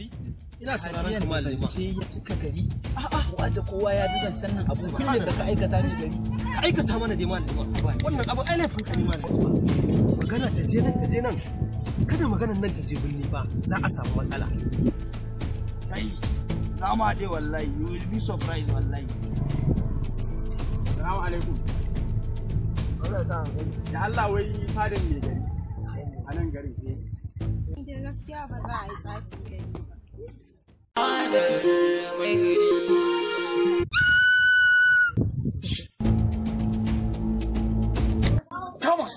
gari ina sauraron kuma ce ya cika gari kowa da kowa ya ji zancen nan abu kullum da ka aikata ni gari ka aikata mana dai malam lima wannan abu ai laifin ka ne malam magana ta je nan ta je nan kada maganar nan ta je birni ba za a samu matsala kai za mu haɗe wallahi you will be surprised wallahi salamu alaikum da Allah wai fadin mai gari a nan garin eh. gaskiya ba za a yi Thomas!